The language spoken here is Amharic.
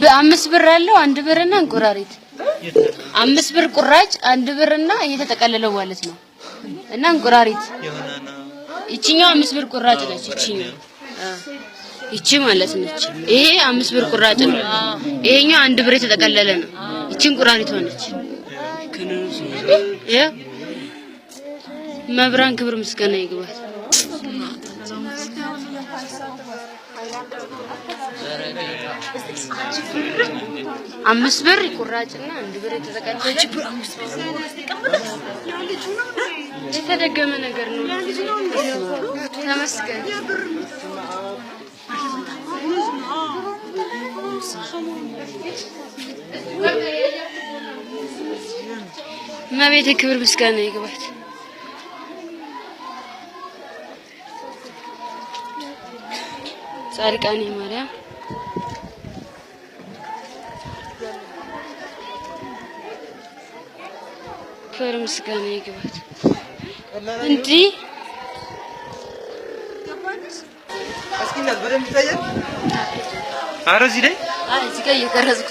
በአምስት ብር ያለው አንድ ብር እና እንቁራሪት አምስት ብር ቁራጭ አንድ ብር እና እየተጠቀለለው ማለት ነው። እና እንቁራሪት ይችኛው አምስት ብር ቁራጭ ነች። ይችኛው ይቺ ማለት ነች። ይሄ አምስት ብር ቁራጭ ነው። ይሄኛው አንድ ብር የተጠቀለለ ነው። ይቺ እንቁራሪት ሆነች። መብራን ክብር ምስጋና ይግባት። አምስት ብር ይቁራጭና አንድ ብር የተዘጋጀ የተደገመ ነገር ነው። ተመስገን። እመቤቴ ክብር ምስጋና ይግባት። ጻድቃኔ ማርያም ክብር ምስጋና ይግባት። እንዲህ ኧረ እዚህ ላይ እዚህ ጋር እየቀረጽኩ